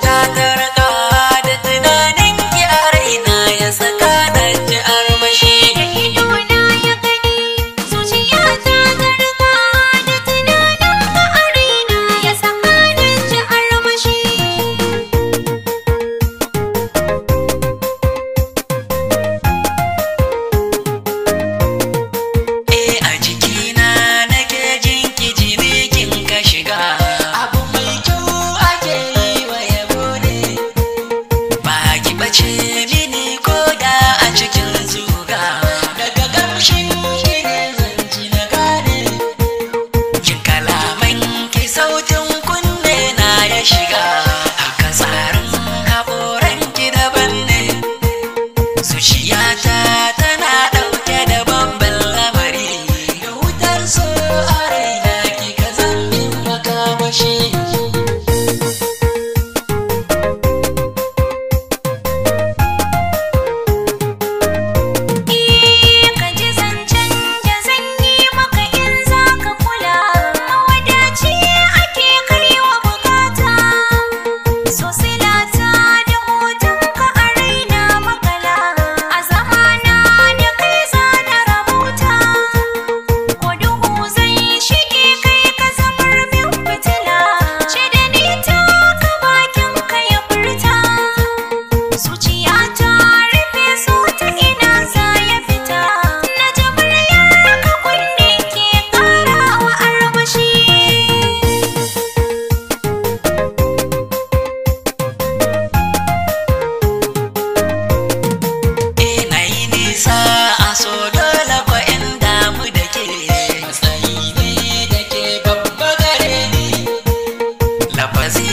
जाता la paz.